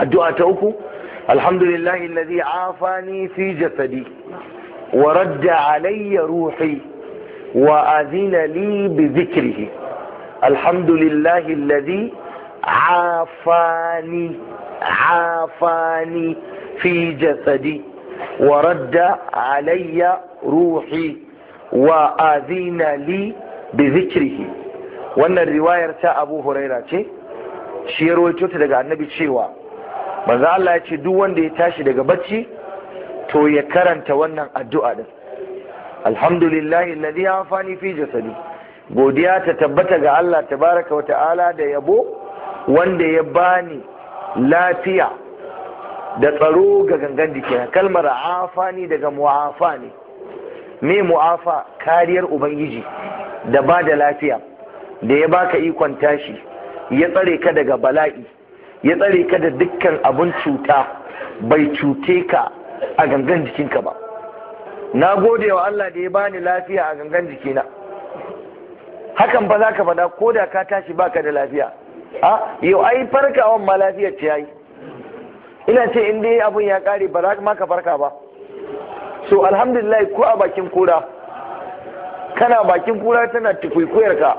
addu'a ta uku alhamdulillahi alladhi afani fi jasadi wa radda alayya ruhi wa azina li bi dhikrihi alhamdulillahi alladhi afani afani fi jasadi wa radda alayya ruhi wa azina li bi dhikrihi wannan riwayar ta Abu Huraira ce shi ya rawaito ta daga Annabi cewa manzo Allah ya ce duk wanda ya tashi daga bacci to ya karanta wannan addu'a din alhamdulillahi alladhi afani fi jasadi godiya ta tabbata ga Allah tabaraka wa ta'ala da yabo wanda ya bani lafiya da tsaro ga gangan jikina kalmar afani daga mu'afa ne me mu'afa kariyar ubangiji da ba da lafiya da ya baka ikon tashi ya tsare ka daga bala'i ya tsare ka da dukkan abun cuta bai cute ka a gangan jikinka ba na gode wa Allah da ya bani lafiya a gangan jikina hakan ba za ka faɗa ko da ka tashi baka da lafiya a yau ai farkawan ma lafiyar ce yayi ina ce in dai abun ya kare ba za ka farka ba so alhamdulillah ko a bakin kura kana bakin kura tana tukwikuyar ka